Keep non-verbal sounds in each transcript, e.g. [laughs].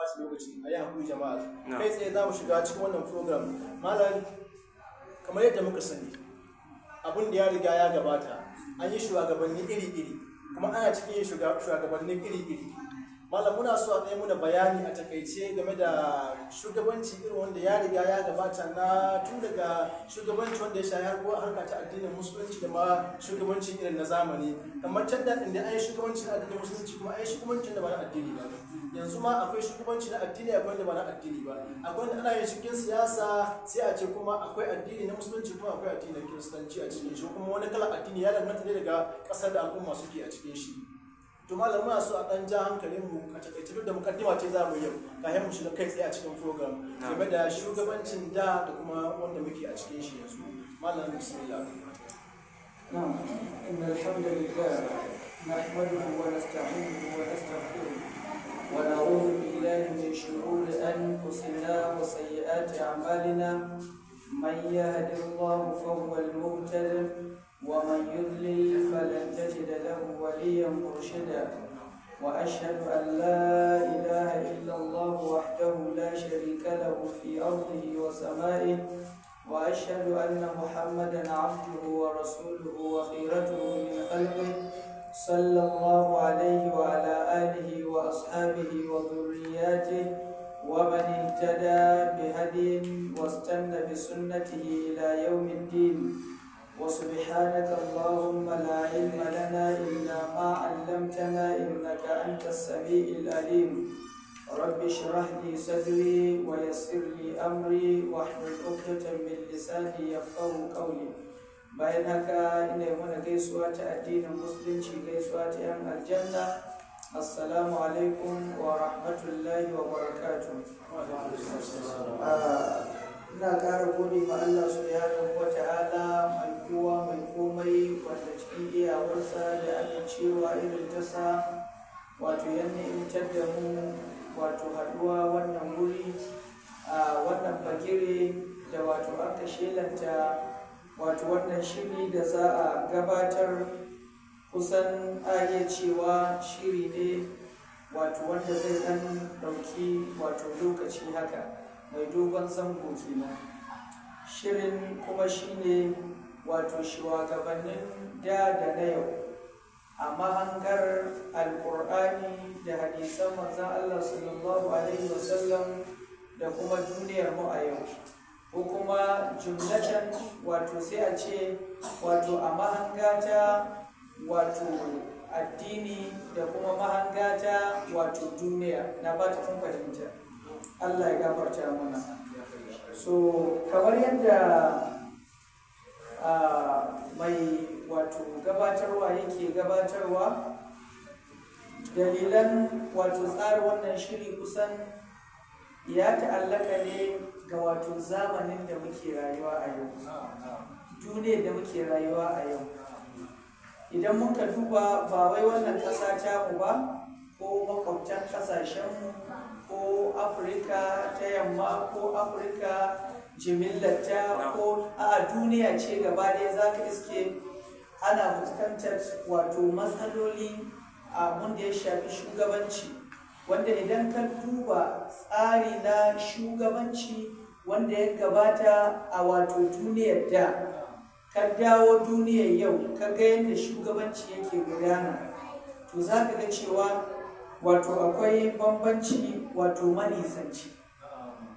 ɓaci lokaci a yi haƙuri jama'a kai tsaye za mu shiga cikin wannan program malam kamar yadda muka sani abin da ya riga ya gabata an yi shugabanni iri-iri kuma ana cikin yin shugabanni iri-iri malam muna so a ɗaya muna bayani a takaice game da shugabanci irin wanda ya riga ya gabata na tun daga shugabanci wanda ya har harkar harka ta addinin musulunci da ma shugabanci irin na zamani kamar can da inda yi shugabanci na addinin musulunci kuma a yi shugabanci da ba na addini ba yanzu ma akwai shugabanci na addini akwai da ba na addini ba akwai da ana yin cikin siyasa sai a ce kuma akwai addini na musulunci kuma akwai addini na kiristanci a cikin shi kuma wani kalar addini ya danganta ne daga ƙasar da al'umma suke a cikin shi to malam muna so a dan ja hankalin mu a takaice duk da mukaddima ce za mu yau kayan mu shiga kai tsaye a cikin program game da shugabancin da da kuma wanda muke a cikin shi yanzu malam bismillah نعم إن الحمد لله نحمده ونستعينه ونستغفره ونعوذ بالله من شرور أنفسنا وسيئات أعمالنا من يهد الله فهو المهتد ومن يضلل فلن تجد له وليا مرشدا وأشهد أن لا إله إلا الله وحده لا شريك له في أرضه وسمائه وأشهد أن محمدا عبده ورسوله وخيرته من خلقه صلى الله عليه وعلى آله وأصحابه وذرياته ومن اهتدى بهدي واستنى بسنته إلى يوم الدين وسبحانك اللهم لا علم لنا إلا ما علمتنا إنك أنت السميع العليم رب اشرح لي صدري ويسر لي أمري واحلل عقدة من لساني يفقه قولي bayan haka ina mana gaisuwa ta addinin musulunci gaisuwa ta yan aljanna assalamu alaikum wa rahmatullahi wa barakatuh ah, ina ƙara gode ma Allah su subhanahu dawowarsa da amincewa irin tasa wato yanne imtar da mu wato haɗuwa wannan wuri a wannan bagire da wato aka shelanta wato wannan shiri da za a gabatar kusan iya cewa shiri ne wato wanda zai ɗan ɗauki wato lokaci haka mai dogon zango kenan shirin kuma shine wato shugabannin da da na yau a mahangar alkur'ani da hadisan manzan Allah sallallahu alaihi wasallam da kuma duniyar mu a yau ko kuma jumlatan wato sai a ce wato a mahangata wato addini da kuma mahangata wato duniya na ba ta fahimta Allah ya gafarta mana so kamar yadda mai wato gabatarwa yake gabatarwa dalilan wato tsarin wannan shiri kusan ya ta'allaka ne ga wato zamanin da muke rayuwa a yau duniya da muke rayuwa a yau idan muka duba ba wai wannan ƙasa ta mu ba ko makwabtan ƙasashenmu ko afirka ta yamma ko afirka ta ko a duniya ce gaba ɗaya za ka iske ana fuskantar wato matsaloli a da ya shafi shugabanci wanda idan ka duba tsari na shugabanci wanda ya gabata a wato duniyar da ka dawo duniyar yau ka ga yadda shugabanci yake gudana to za ka ga cewa wato akwai bambanci wato manisanci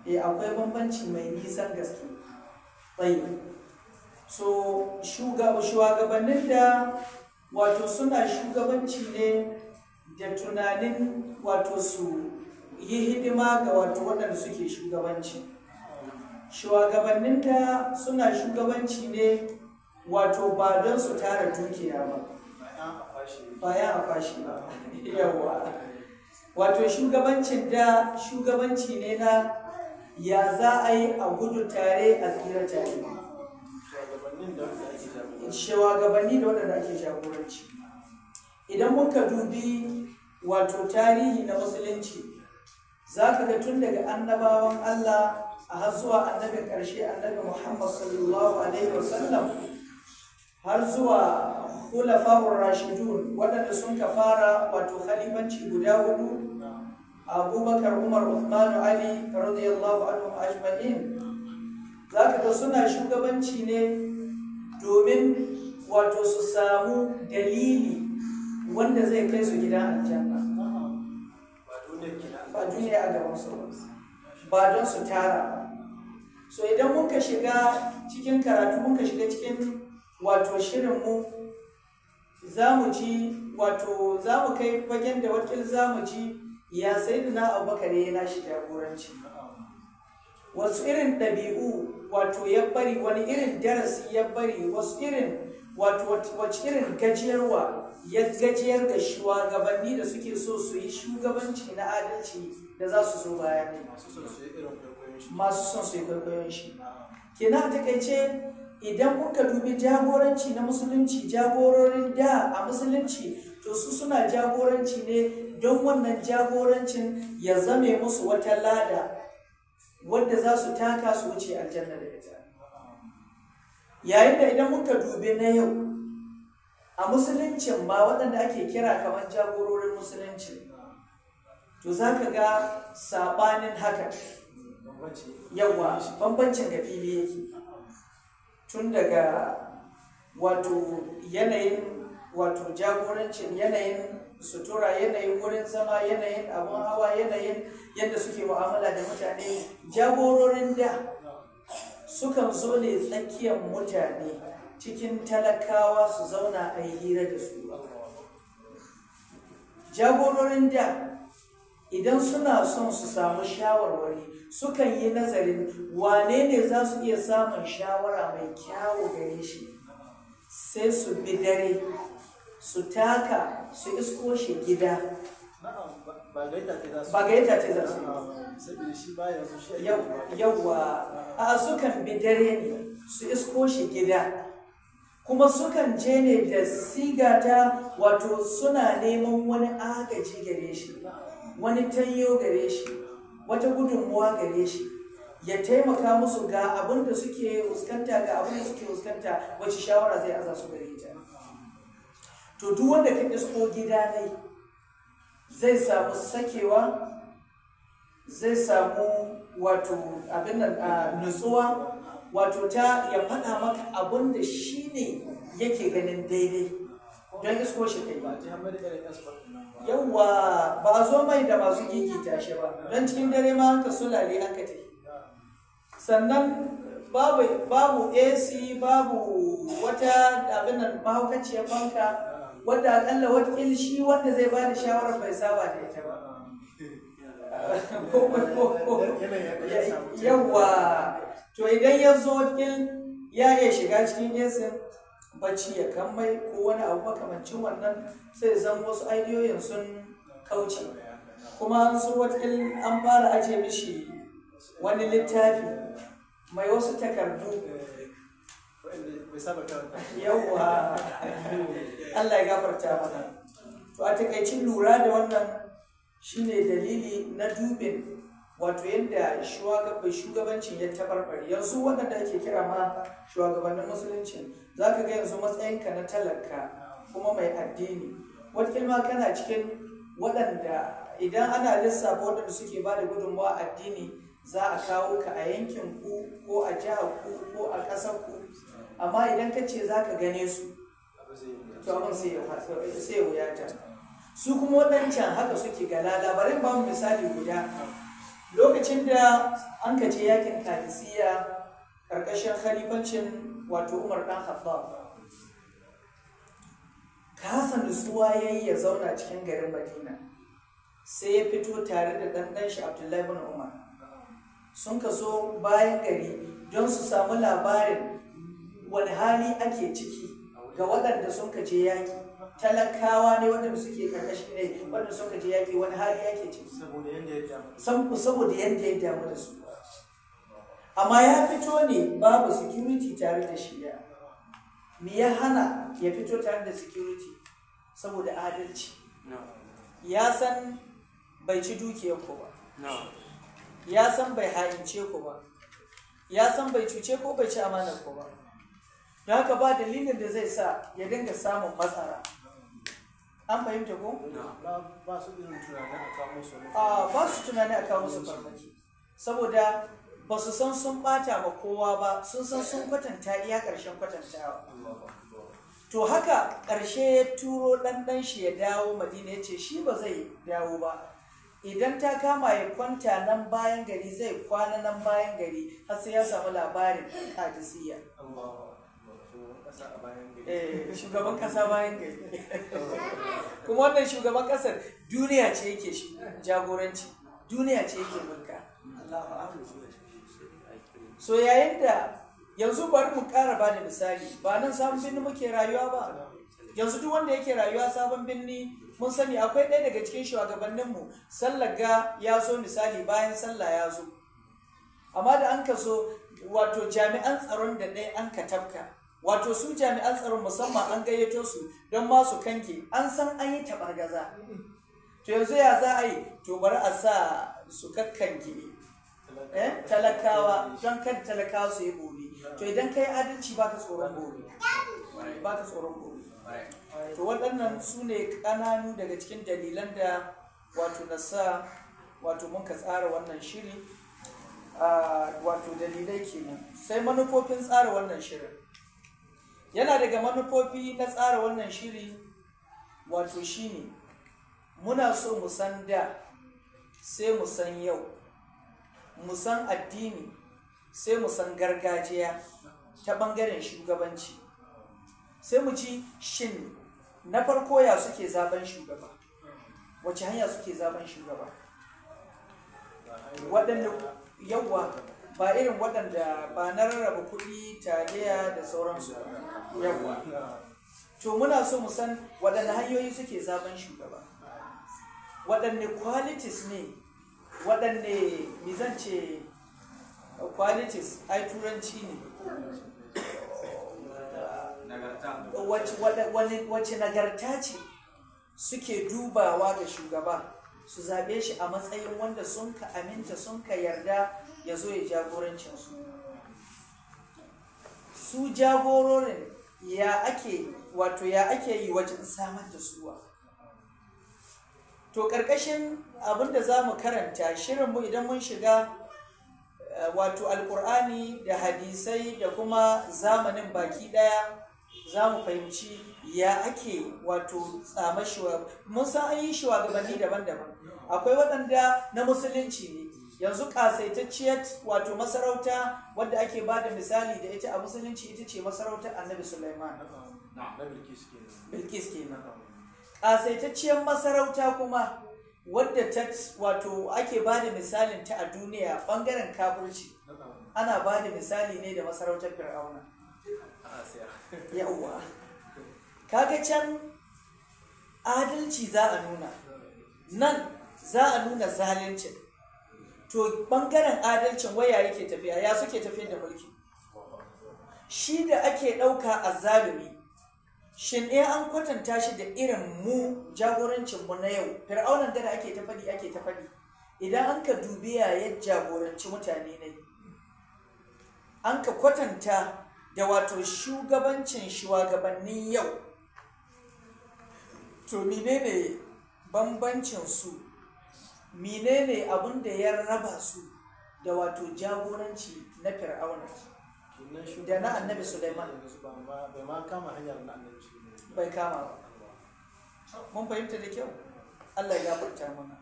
eh akwai bambanci mai nisan gaske Bai. so shugabannin da wato suna shugabanci ne da tunanin wato su yi hidima ga wato waɗanda suke shugabanci da suna shugabanci ne wato ba don su tara dukiya ba bayan a fashi ba yawa wato shugabancin da shugabanci ne na ya za a yi a gudu tare a tsira tare shawagabanni da waɗanda ake jagoranci idan muka dubi wato tarihi na musulunci za ka ga tun daga annabawan allah a har zuwa annabi ƙarshe annabi muhammad sallallahu alaihi wasallam har zuwa khulafa'ur rashidun waɗanda sun ka fara wato halibanci guda hudu abubakar umar Uthman, ali radiyallahu anhu ajma'in Zaka ga suna shugabanci ne domin wato su samu dalili wanda zai kai su gidan aljanna ba duniya a gaban su ba don su tara ba so idan muka shiga cikin karatu muka shiga cikin wato shirinmu za mu ji wato za mu kai fagen da wakil za mu ji ya sai na abubakar ya nashi jagoranci wasu irin ɗabi'u wato ya bari wani irin darasi ya bari wasu irin wato wace irin gajiyarwa ya gajiyar da shugabanni da suke so su yi shugabanci na adalci da za su zo baya ne masu son su yi kwaikwayon shi Kina a takaice idan kuka dubi jagoranci na musulunci jagororin da a musulunci to su suna jagoranci ne don wannan jagorancin ya zame musu wata lada wadda za su taka su wuce aljanna da ita yayin da idan muka dubi na yau a musuluncin ba waɗanda ake kira kamar jagororin musulunci to za ka ga saɓanin haka yawa bambancin ga fili yake tun daga wato yanayin wato jagorancin yanayin sutura yanayin wurin zama yanayin abun hawa yanayin yadda suke mu'amala da mutane jagororin da sukan zo ne tsakiyar mutane cikin talakawa su zauna a yi hira da su jagororin da idan suna son su samu shawarwari sukan yi nazarin wane ne za su iya samun shawara mai kyawu gare shi sai su bi dare su taka su isko shi gida ba gaita ce za su yawwa a sukan bi dare ne su isko shi gida kuma sukan je ne da sigata wato suna neman wani agaji gare shi wani tanyo gare shi wata gudunmuwa gare shi ya taimaka musu ga abin da suke fuskanta ga abin da suke fuskanta wacce shawara zai aza su gare ta to duk wanda ka isko gida ne zai samu sakewa zai samu wato abin nan nutsuwa wato ta ya faɗa maka abin da shi ne yake ganin daidai don isko shi kai ba yawa ba zo mai da masu gigita shi ba don cikin dare ma ka sulale haka ta sannan babu ac babu wata abin nan mahaukaciyar fanka wanda akalla wakil shi wanda zai ba da shawarar bai saba da ita ba yawwa to idan ya zo wakil ya iya shiga cikin yesin bacci ya kammai ko wani abu makamancin wannan sai zan wasu aidiyoyin sun kauce kuma an so wakil an fara aje mishi wani littafi mai wasu takardu bai Allah ya gafarta mana to a takaicin lura da wannan shine dalili na dubin wato yadda shugabancin ya tabarbare yanzu da ke kira ma shugabannin musulunci za ka ga yanzu matsayinka na talaka kuma mai addini wata ma kana cikin waɗanda idan ana lissafa waɗanda suke ba da gudunmawa addini za a kawo ka a yankin ku ko a jihar ku ko a ƙasar ku amma idan ka ce za ka gane su sai ya wuyata su kuma waɗancan haka suke gala labarin ba mu misali guda lokacin da an ka yakin kadisiya ƙarƙashin khalifancin wato umar ɗan khattab kasa nutsuwa ya yi ya zauna cikin garin madina sai ya fito tare da ɗanɗan shi abdullahi bin umar sun kaso bayan gari don su samu labarin wani hali ake ciki ga waɗanda sun kaje yaƙi talakawa ne waɗanda suke karkashi ne waɗanda sun kaje yaƙi wani hali ake ciki saboda yadda ya damu da su amma ya fito ne babu security tare da shi ya me ya hana ya fito tare da security saboda adalci ya san bai ci dukiyar ku ba ya san bai ha'ince ku ba ya san bai cuce ko bai ci amanar ku ba da haka ba dalilin da zai sa ya dinga samun matsara an fahimta ko? ba su tunani a kawo su farmaki saboda ba su san sun bata ba kowa ba sun san sun kwatanta iya ƙarshen kwatantawa to haka ƙarshe ya turo ɗanɗan shi ya dawo madina ya ce shi ba zai dawo ba idan ta kama ya kwanta nan bayan gari zai kwana nan bayan gari har sai ya samu labarin kadisiyya Eh, shugaban kasa bayan gari [laughs] kuma wannan shugaban kasar duniya ce yake jagoranci duniya ce yake mulka so yayin da yanzu bari mu kara ba da misali ba nan sabon birni muke rayuwa ba yanzu duk wanda yake rayuwa sabon birni mun sani akwai ɗaya daga cikin shugabanninmu sallaga ya zo misali bayan sallah ya zo amma da an ka so wato jami'an tsaron da ɗaya an ka tafka wato su jami'an tsaron musamman an gayyato su don masu kanke an san an yi tabargaza to yanzu ya za a yi to bari a sa su kakkanke eh, talakawa don kan talakawa su yi gobe to idan ka yi adalci ba ka tsoron gobe ba ka tsoron gobe to waɗannan su ne ƙananu daga cikin dalilan da wato na sa wato mun ka tsara wannan shiri ah, wato dalilai kenan sai manufofin tsara wannan shirin yana daga manufofi na tsara wannan shiri wato shine muna so mu san da sai mu san yau mu san addini sai mu san gargajiya ta ɓangaren shugabanci sai mu ji shin na farko ya suke zaben shugaba wace hanya suke zaben shugaba waɗanda yawwa ba irin waɗanda ba na rarraba kuɗi taliya da sauransu yawa to muna so mu san waɗanne hanyoyi suke zaben shugaba waɗanne qualities ne waɗanne mizance qualities ai turanci ne wace nagarta ce suke dubawa ga shugaba su zaɓe shi a matsayin wanda sun ka aminta sun ka yarda ya zo ya jagorancin su su jagororin ya ake wato ya ake yi wajen samar da suwa to ƙarƙashin abinda za mu karanta mu idan mun shiga eh, wato alƙur'ani da hadisai da kuma zamanin baki ɗaya za mu fahimci ya ake wato tsamar mun san an yi shugabanni daban-daban akwai waɗanda na musulunci ne yanzu kasaitacciyar wato masarauta wadda ake ba da misali da ita a musulunci ita ce masarautar annabi Sulaiman. Bilkis kenan. Kasaitacciyar masarauta kuma wadda ta wato ake ba da misalin ta a duniya bangaren kafirci ana ba da misali ne da masarautar fir'auna. Yawwa. Kaga can adalci za a nuna, nan za a nuna zalincin. to bangaren adalcin waya yake tafiya ya suke tafiya da mulki shi da ake ɗauka a zalumi shin ɗaya an kwatanta shi da irin mu jagorancinmu na yau fir'aunan da ake ta faɗi ake ta faɗi idan an ka dubi ya jagoranci mutane ne an ka kwatanta da wato shugabancin shugabannin yau to menene bambancin su menene abin da ya raba su da wato jagoranci na fir'auna da na annabi Sulaiman bai ma kama hanyar na annabi bai kama ba mun fahimta da kyau Allah ya furta mana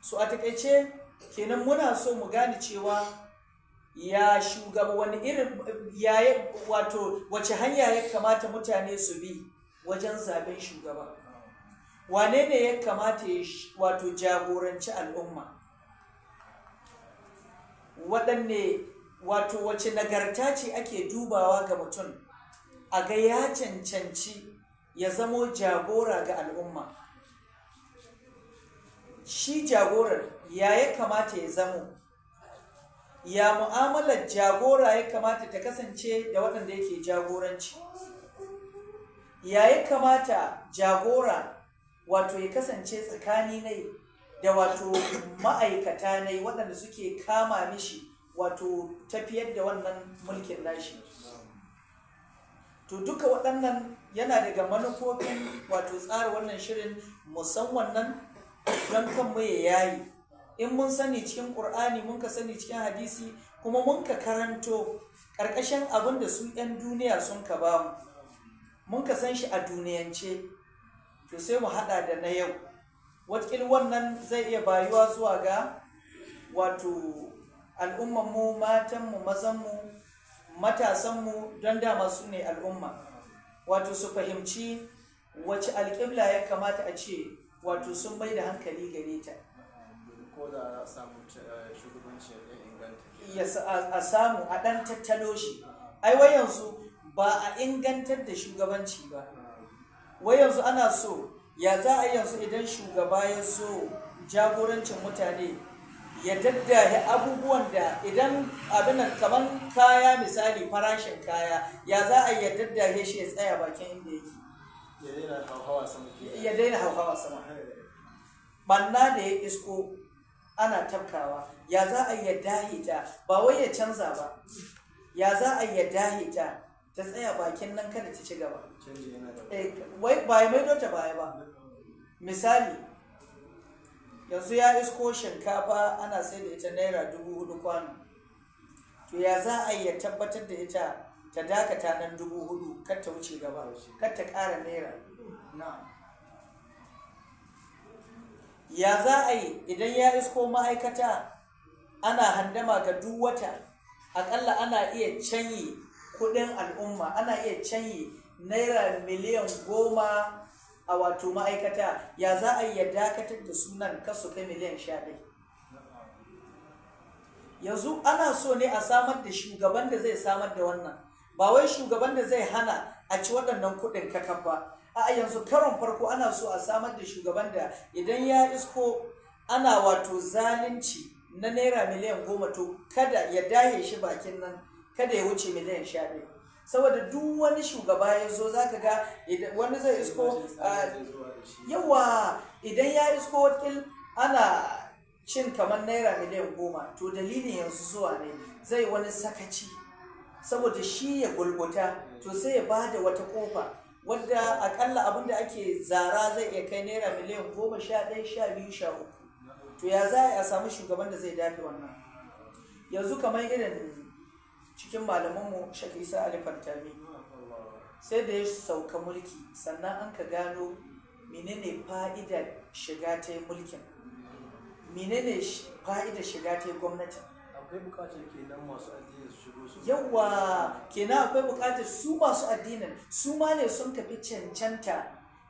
Su a takaice kenan muna so mu gane cewa ya shugaba wani irin ya wato wace hanya ya kamata mutane su bi wajen zaben shugaba wane ne ya kamata ya wato jagoranci al'umma waɗanne wato wace nagarta ce ake dubawa ga mutum a ga ya cancanci ya zamo jagora ga al'umma shi jagorar ya ya kamata ya zamo ya mu'amalar jagora ya kamata ta kasance da waɗanda yake jagoranci ya ya kamata jagora wato ya kasance tsakani nai da wato ma'aikata yi waɗanda suke kama mishi wato tafiyar da wannan mulkin nashi to duka waɗannan yana daga manufofin wato tsara wannan shirin musamman nan don kan ya yayi in mun sani cikin ƙur'ani mun ka sani cikin hadisi kuma mun ka karanto ƙarƙashin abin da su 'yan duniya sun ka ba mu mun ka san shi a duniyance to sai mu hada da na yau watakil wannan zai iya bayuwa zuwa ga wato al'ummanmu matanmu mazanmu matasanmu don dama su ne al'umma wato su fahimci wace alƙibla ya kamata a ce wato sun bai da hankali gare ta ko a samu eh, ya a samu a ɗan tattalo shi ai yanzu ba a ingantar da shugabanci ba wai yanzu ana so ya za a yanzu idan shugaba ya so jagorancin mutane ya daddahi abubuwan da idan abin kamar kaya misali farashin kaya ya za a ya daddahi shi ya tsaya bakin inda yake ya daina hauhawa sama banna da ya isko ana tafkawa ya za a ya dahi ta ba wai ya canza ba ya za a ya dahi ta ta tsaya bakin nan kada ta ci gaba eh, wai ba ya baya ba misali yanzu ya isko shinkafa ana sai da ita naira dubu hudu kwano to ya za a ya tabbatar da ita ta dakata nan dubu hudu kar ta wuce gaba kar ta kara naira ya za a yi idan ya isko ma'aikata ana handama ga duk wata akalla ana iya canyi kudin al'umma ana iya canyi naira miliyan goma a wato ma'aikata ya za a iya dakatar da sunan kasu kai miliyan sha yanzu ana so ne a samar da shugaban da zai samar da wannan ba wai shugaban da zai hana a ci waɗannan kuɗin kakan ba a yanzu karon farko ana so a samar da shugaban da idan ya isko ana wato zalunci na naira miliyan goma to kada ya dahe shi bakin nan kada ya wuce miliyan sha saboda duk wani shugaba ya zo za ka ga wani zai isko ah, yawa idan ya isko wakil ana cin kamar naira miliyan goma to dalilin yanzu zuwa ne zai wani sakaci saboda shi ya gulguta to sai ya ba da wata kofa wadda akalla abin da ake zara zai iya kai naira miliyan goma sha ɗaya sha biyu sha uku to ya za a samu shugaban da zai dafe wannan yanzu kamar irin cikin malamanmu shek isa ali fantami sai da ya sauka mulki sannan an ka gano menene fa'ida shiga ta yi mulkin menene fa'ida shiga ta gwamnati akwai bukatar kenan masu addinin su shigo su yawa kenan akwai bukatar su masu addinin su ma ne sun tafi cancanta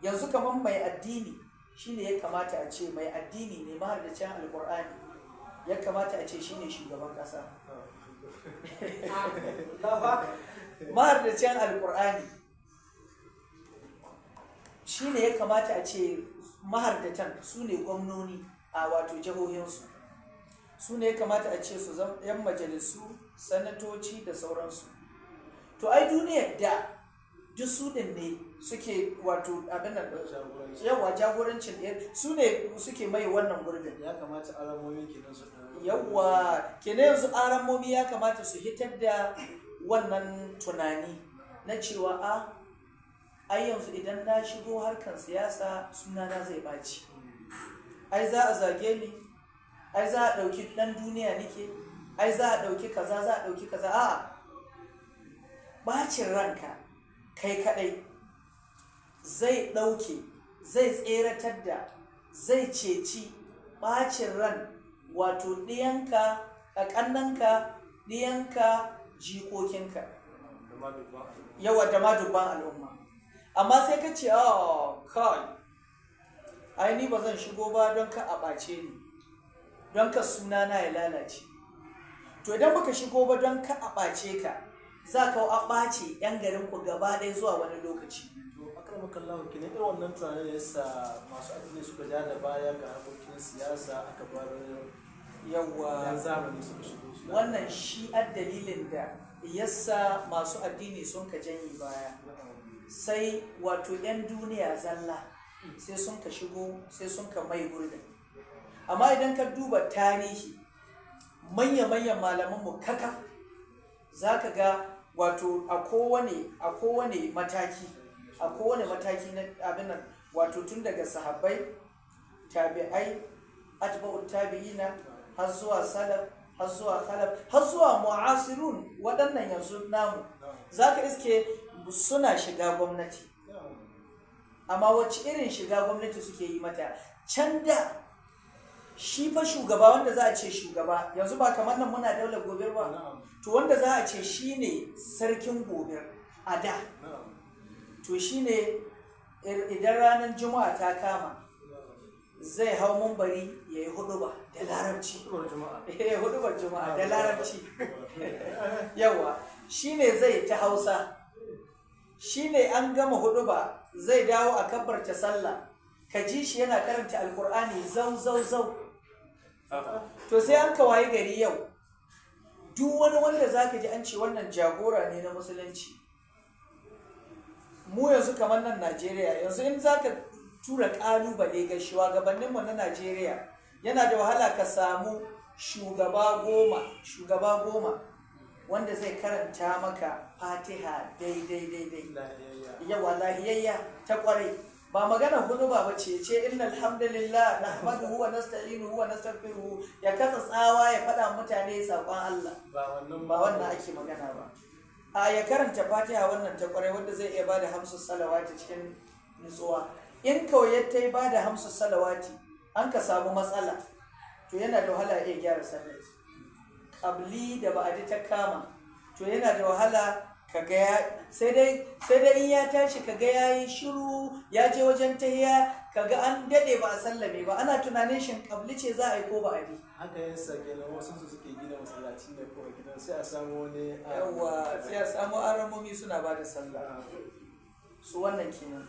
yanzu kamar mai addini shine ya kamata a ce mai addini ne can alkur'ani ya kamata a ce shine shugaban kasa mahaddacin alkur'ani shi ne ya kamata a ce mahaddatan su ne gwamnoni a wato jihohinsu su ne ya kamata a ce su yan majalisu sanatoci da sauransu to ai duniyar da duk su ne suke wato abin da yawa jagorancin su ne suke mai wannan gurbin ya kamata alamomin kinansu yawwa kene yanzu aramomi ya kamata su hitar da wannan tunani na cewa a ai yanzu idan na shigo harkar siyasa sunana zai ɓaci ai za a zage ni ai za a ɗauki ɗan duniya nike ai za a ɗauki kaza za a ɗauki kaza a ɓacin ranka kai kaɗai zai ɗauke zai tseratar da zai ceci ɓacin ran wato ɗiyanka ƙannanka ɗiyanka jikokinka yawa da ma dubban al'umma amma sai ka ce oh kai ai ni ba zan shigo ba don ka a ɓace ni don ka suna na ya lalace to idan baka shigo ba don ka a ɓace ka za ka a ɓace 'yan garinku gaba ɗaya zuwa wani lokaci maka Allah ki ne irin wannan tunanin da yasa masu addini suka ja da baya ga harkokin siyasa aka bar yawa zamani suka shigo su wannan shi dalilin da yasa masu addini sun ka janye baya sai wato yan duniya zalla sai sun ka shigo sai sun ka mai gurbin amma idan ka duba tarihi manya-manyan mu kaka za ka ga wato a kowane mataki a kowane mataki na abin nan wato tun daga sahabbai tabi'ai atba'ut tabi'ina har zuwa salaf har zuwa khalaf har zuwa mu'asirun waɗannan yanzu namu zaka iske suna shiga gwamnati amma wacce irin shiga gwamnati suke yi mata can da shi fa shugaba wanda za a ce shugaba yanzu ba kamar nan muna daular gobe ba to wanda za a ce shi ne sarkin gobe a da to shi ne er, idan ranar juma'a ta kama zai hau mumbari ya yi ba da larabci [laughs] eh, juma'a da ah, larabci [laughs] yawa ne zai ta hausa Shi ne an gama huɗuba zai dawo a kabbarta sallah ka ji shi yana karanta alkur'ani zau zau zau ah. to sai an kawai gari yau duk wani wanda zaka ji an ce wannan jagora ne na musulunci mu yanzu kamar nan najeriya yanzu in za ka tura ƙalubale ga shugabanninmu na najeriya yana da wahala ka samu shugaba goma shugaba goma wanda zai karanta maka fatiha daidai daidai wallahi yayya ta kwarai ba magana hudu ba bace ce inna alhamdulillah nahmaduhu wa nasta'inuhu wa nastaghfiruhu ya kasa tsawa ya faɗa mutane sakon Allah ba wannan ake magana ba a ya karanta fatiha wannan ta kwarai wanda zai iya bada hamsu salawati cikin nutsuwa in kawai ta yi bada hamsu salawati an ka samu matsala to yana da wahala iya gyara sallar kabli da ji ta kama to yana da wahala ka ga sai dai in ya tashi ka ga yayi shiru ya je wajen tahiya kaga an dade ba a sallame ba ana tunanin shin kabli ce za a yi ko ba a bi haka yin sake na wasu su suke gina masallaci ne ko gidan sai a samu wani yawa sai a samu aramomi suna ba da sallah ah. su wannan kenan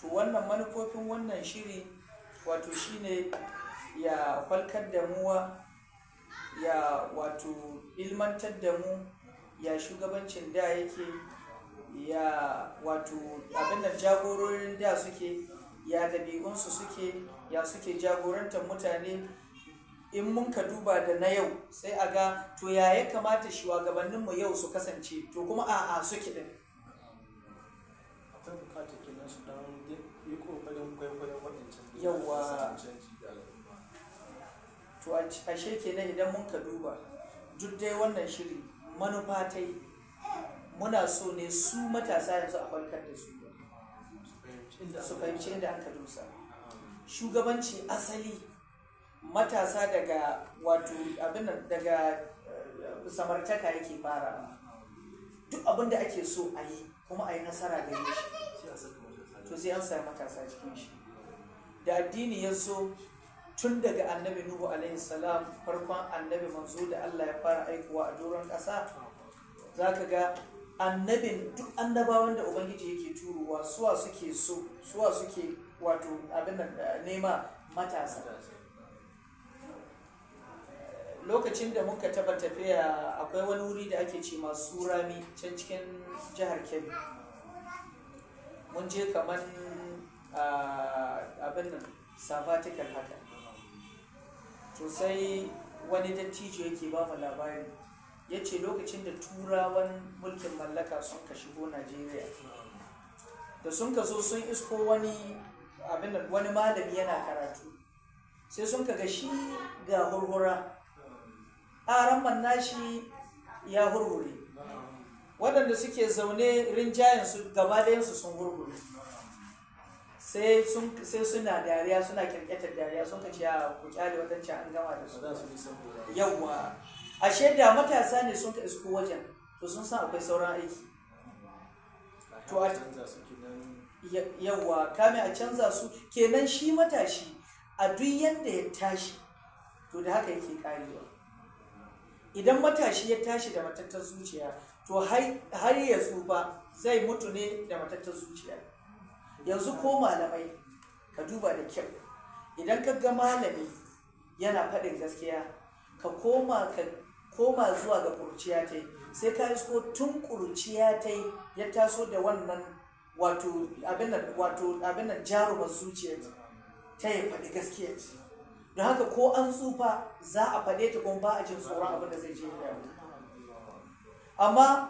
to wannan manufofin wannan shiri wato shine ya falkar da muwa ya wato ilmantar da mu ya shugabancin da yake ya wato abin da jagororin da suke ya ɗabi'unsu suke ya suke jagorantar mutane in mun ka duba da na yau sai a ga to ya ya kamata shugabanninmu yau su kasance to kuma a a suke kenan su yi kwaikwayon yawa to ashe kenan idan mun ka duba duk dai wannan shiri manufa muna so ne su matasa yanzu a farkar da su su fahimci da aka dusa shugabanci asali matasa daga wato abin daga eh, samartaka yake fara duk abin da ake so a yi kuma a yi nasara da shi to sai an sami matasa cikin shi da addini ya so tun daga annabi nuhu alaihi salam farkon annabi manzo da allah ya fara aikowa a doron ƙasa za ka ga annabin duk annabawan da ubangiji yake turowa suwa suke so suwa suke wato abin da eh, nema matasa lokacin da muka taba tafiya akwai wani wuri da ake ce masu rami can cikin jihar kebbi mun je kamar ah, abin nan sabbatical haka to sai wani dattijo yake ba mu labarin. ya ce lokacin da turawan mulkin mallaka sun ka shigo najeriya da sun ka zo sun isko wani abin wani malami yana karatu sai sun ka shi ga hurhura aran nashi ya hurhure waɗanda suke zaune rinjayensu gaba ɗayansu sun hurhure sai suna dariya suna kirkitar dariya sun ka ce ku kyale wadancan an gama da su yawwa ashe da matasa ne sun ka isko wajen to sun san akwai sauran aiki to a yawa kame a canza su kenan shi matashi a duk yadda ya tashi to da haka yake karewa idan matashi ya tashi da matattar zuciya to har ya tsufa zai mutu ne da matattar zuciya yanzu ko malamai ka duba da kyau idan ka ga malami yana faɗin gaskiya ka koma ka koma zuwa ga ƙuruciya ta yi sai ka so tun ƙuruciya ta yi ya taso da wannan wato abin nan jarumar zuciyar ta yi faɗi gaskiya don haka ko an tsufa za a faɗe ta kuma ba a jin tsoron abin da zai je ya amma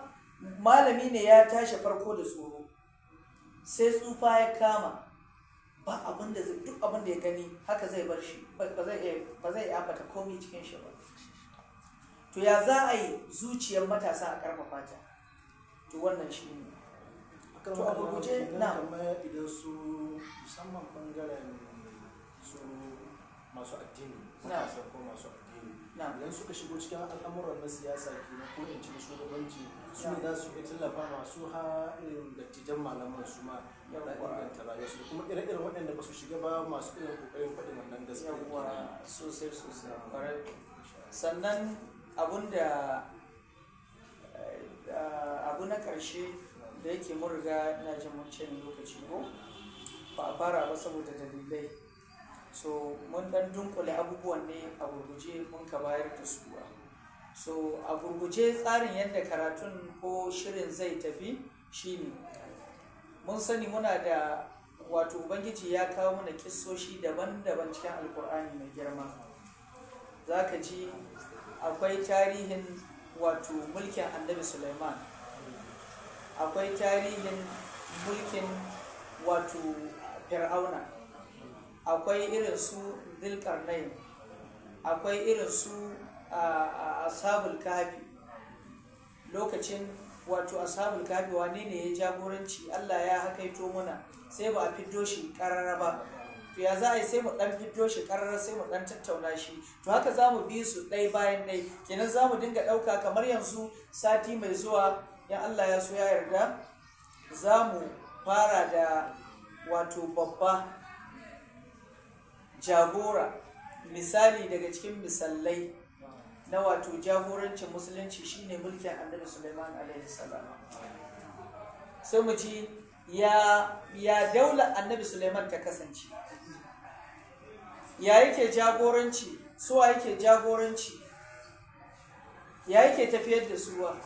malami ne ya tashi farko da tsoro sai tsufa ya kama ba abin da duk abin da ya gani haka zai bar shi ba zai iya ambata komi cikin shi ba to ya za a yi zuciyar matasa a karfafa ta to wannan shi ne to a guje na kamar idan su musamman bangaren su masu addini matasa ko masu addini idan suka shigo cikin al'amuran na siyasa ke na ko cikin shugabanci su ne za su yi tallafa masu ha dattijan malaman su ma yana inganta rayuwa su kuma ire-iren waɗanda ba su shiga ba masu irin kokarin faɗin wannan gaskiya sosai sosai sannan abinda eh, eh, abu na ƙarshe da yake murga riga na jin lokaci ko ba a fara ba saboda dalilai so mun dan dunkule abubuwan ne a gurguje mun ka bayar da su so a gurguje tsarin yadda karatun ko shirin zai tafi shine mun sani muna da wato ubangiji ya kawo mana kissoshi daban-daban cikin alkur'ani mai girma za ka ji akwai tarihin wato mulkin annabi suleiman akwai tarihin mulkin wato fir'auna akwai irin su zilkarnain akwai irin su sabul kafi lokacin wato ashabul kafi wane ne ya jagoranci allah ya hakaito mana, sai ba a fiddo shi karara ba to ya za a yi sai mu dan fito shi karar sai mu dan tattauna shi to haka za mu bi su ɗai bayan dai kenan za mu dinga ɗauka kamar yanzu sati mai zuwa in Allah ya so ya yarda za mu fara da wato babba jagora misali daga cikin misalai na wato jagorancin musulunci shine mulkin annabi Sulaiman alaihi salam sai mu ji ya ya daular annabi suleiman ta kasance ya yake jagoranci suwa yake jagoranci ya yake tafiyar da suwa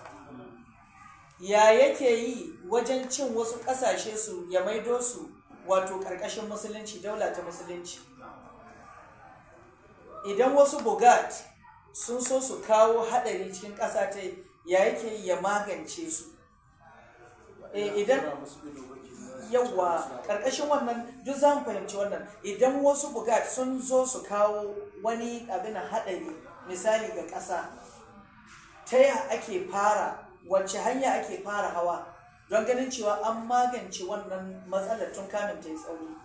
ya yake yi wajen cin wasu ƙasashe su ya maido su wato ƙarƙashin musulunci daula ta musulunci idan wasu bugat sun so su kawo haɗari cikin ƙasa ta ya yake ya magance su Eh, idan yawa karkashin wannan duk za mu fahimci wannan idan wasu bugat sun zo su kawo wani abin haɗari misali ga ƙasa ta ya ake fara wacce hanya ake fara hawa don ganin cewa an magance wannan matsalar tun kamin ta yi tsauri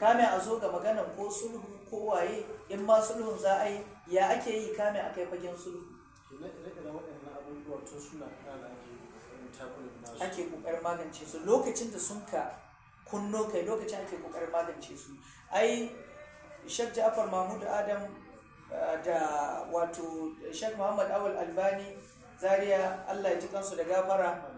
kamin a zo ga maganan ko sulhu ko waye in ma sulhun za a yi ya ake yi kamin a kai fagen sulhu wato suna ake ake kokarin magance su lokacin da sun ka kunno kai lokacin ake kokarin magance su ai shek ja'far mahmud adam eh, da wato shek muhammad awal albani zaria allah ya ji kansu da gafara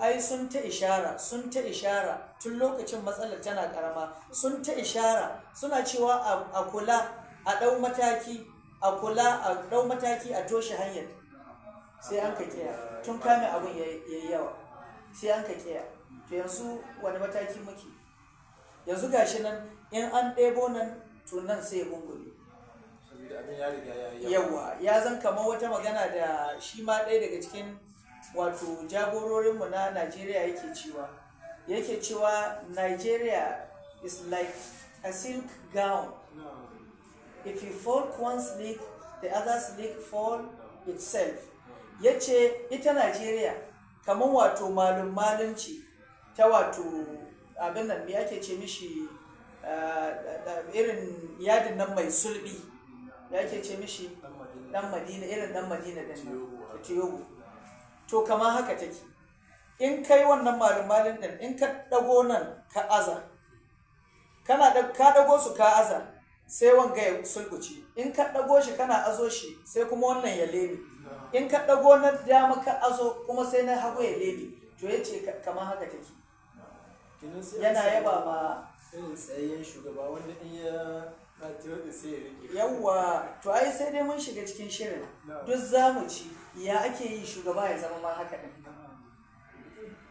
ai sun ta ishara sun ta ishara tun lokacin matsalar tana karama sun ta ishara suna cewa a kula a dau mataki a kula a dau mataki a toshe hanyar sai an ka kiya tun kame abin ya yi yawa sai an ka kiya to yanzu wani mataki muke yanzu gashi nan in an ɗebo nan to nan sai ya gungule yawa ya zan kama wata magana da shi ma ɗaya daga cikin wato jagororinmu na najeriya yake cewa yake cewa nigeria is like a silk gown if you fold one sleek the other sleek fall itself ya ce ita najeriya kamar wato malum malinci ta wato abin nan me ake ce mishi eh, irin yadin nan mai sulbi ya ake ce mishi dan madina irin dan madina din nan tiyogo to kamar haka take in kai wannan malum malin din in ka dago nan ka aza kana da ka dago su ka aza sai wanga ya sulguci in ka ɗago shi kana azo shi sai kuma wannan ya lebe in ka ɗago na dama ka azo kuma sai na hagu ya lebe to ya ce kamar haka take yana yaba ma irin tsayayyen shugaba wanda in ya yawwa to ai sai dai mun shiga cikin shirin duk zamu ci ya ake yi shugaba ya zama ma haka din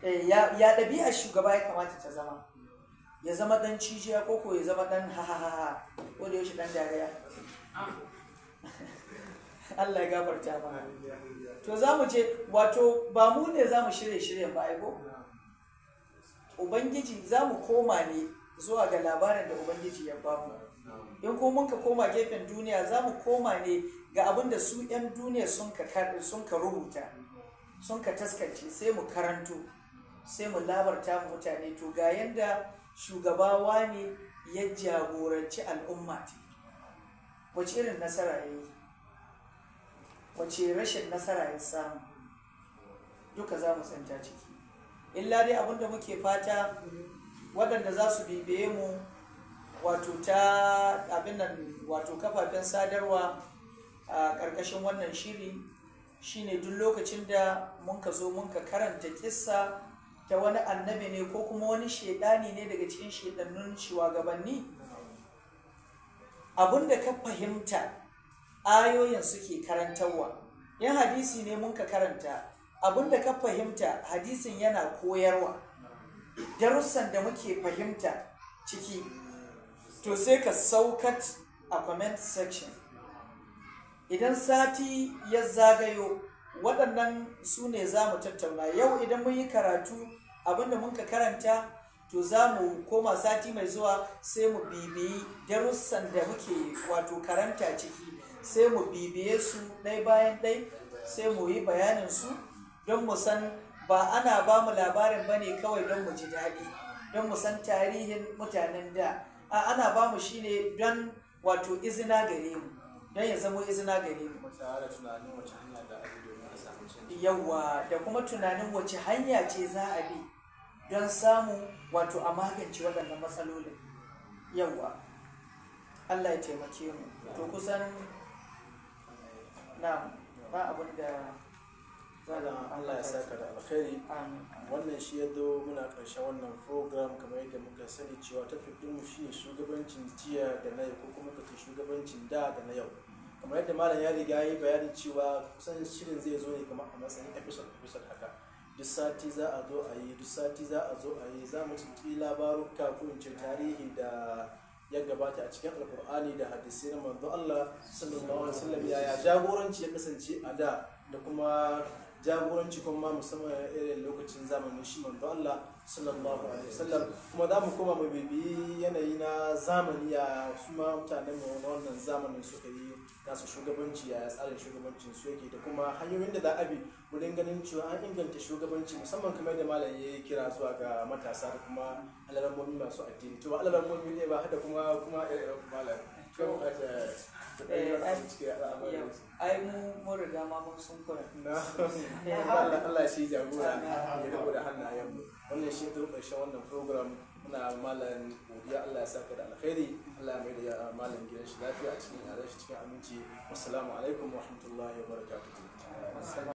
eh, ya ɗabi'ar shugaba ya kamata ta zama ya zama dan cijiya ko ko ya zama dan hahaha ko da yaushe dan dariya [laughs] Allah ya gafarta mana to za mu je wato ba mu ne za mu shirye shiryen ba aiko ubangiji za mu koma ne zuwa ga labarin da ubangiji ya ba mu in ko mun ka koma gefen duniya za mu koma ne ga abin da su 'yan duniya sun ka rubuta sun ka taskance sai mu karanto sai mu labarta mu mutane to ga yanda shugaba wani ya jagoranci al'umma ta wace irin nasara ya yi wace rashin nasara ya samu duka za mu tsanta ciki illa dai abinda muke fata waɗanda za su bibiye mu wato ta abin wato kafafen sadarwa a ƙarƙashin wannan shiri shine duk lokacin da mun ka zo mun ka karanta kissa ta wani annabi ne ko kuma wani shaidani ne daga cikin shaidannun shugabanni abinda ka fahimta ayoyin suke karantarwa yan hadisi ne mun ka karanta abinda ka fahimta hadisin yana koyarwa darussan da muke fahimta ciki to sai ka saukat a comment section idan sati ya zagayo waɗannan su ne za mu tattauna yau idan mun yi karatu abinda mun ka karanta to za mu koma sati mai zuwa sai mu bibiyi darussan da muke wato karanta ciki sai mu bibiye su ɗai bayan ɗai sai mu yi bayanin su don mu san ba ana ba mu labarin ba ne kawai don mu ji daɗi don mu san tarihin mutanen da a ana ba mu shi ne don wato izina gare mu don ya zama izina gare mu. yawa da kuma tunanin wace hanya ce za a bi don samu wato a magance waɗannan matsalolin yawa allah ya taimake mu to kusan na ba abin da Malam Allah ya saka da alkhairi wannan shi ya zo muna ƙarshen wannan program kamar yadda muka sani cewa ta mu shi ne shugabancin jiya da na yau ko kuma ka shugabancin da da na yau. kamar yadda malam ya riga ya yi bayanin cewa kusan shirin zai zo ne kamar a matsayin episode episode haka duk sati za a zo a yi duk sati za a zo a yi za mu tuntuɓi labaruka ko in ce tarihi da ya gabata a cikin alkur'ani da hadisai na manzo Allah sallallahu alaihi wasallam yaya jagoranci ya kasance a da da kuma jagoranci kuma musamman irin lokacin zamanin shi manzo Allah sallallahu alaihi wasallam kuma za mu koma mu bibi yanayi na zamani ya ma mutanen mu wannan zamanin suka yi nasu shugabanci ya tsarin shugabancin su yake da kuma hanyoyin da za a bi wurin ganin cewa an inganta shugabanci musamman kamar da malam ya kira zuwa ga matasa da kuma alamomi masu addini to alamomi ne ba hada kuma kuma eh, malam eh, ai mu mun riga ma mun sun kura [laughs] Allah shi jagora ya rabu da hannayen mu wannan shi ne ƙarshen wannan program muna malam godiya Allah ya saka da alkhairi Allah ya mai da malam gidan shi lafiya a cikin yaran shi cikin aminci assalamu alaikum wa rahmatullahi wa barakatuh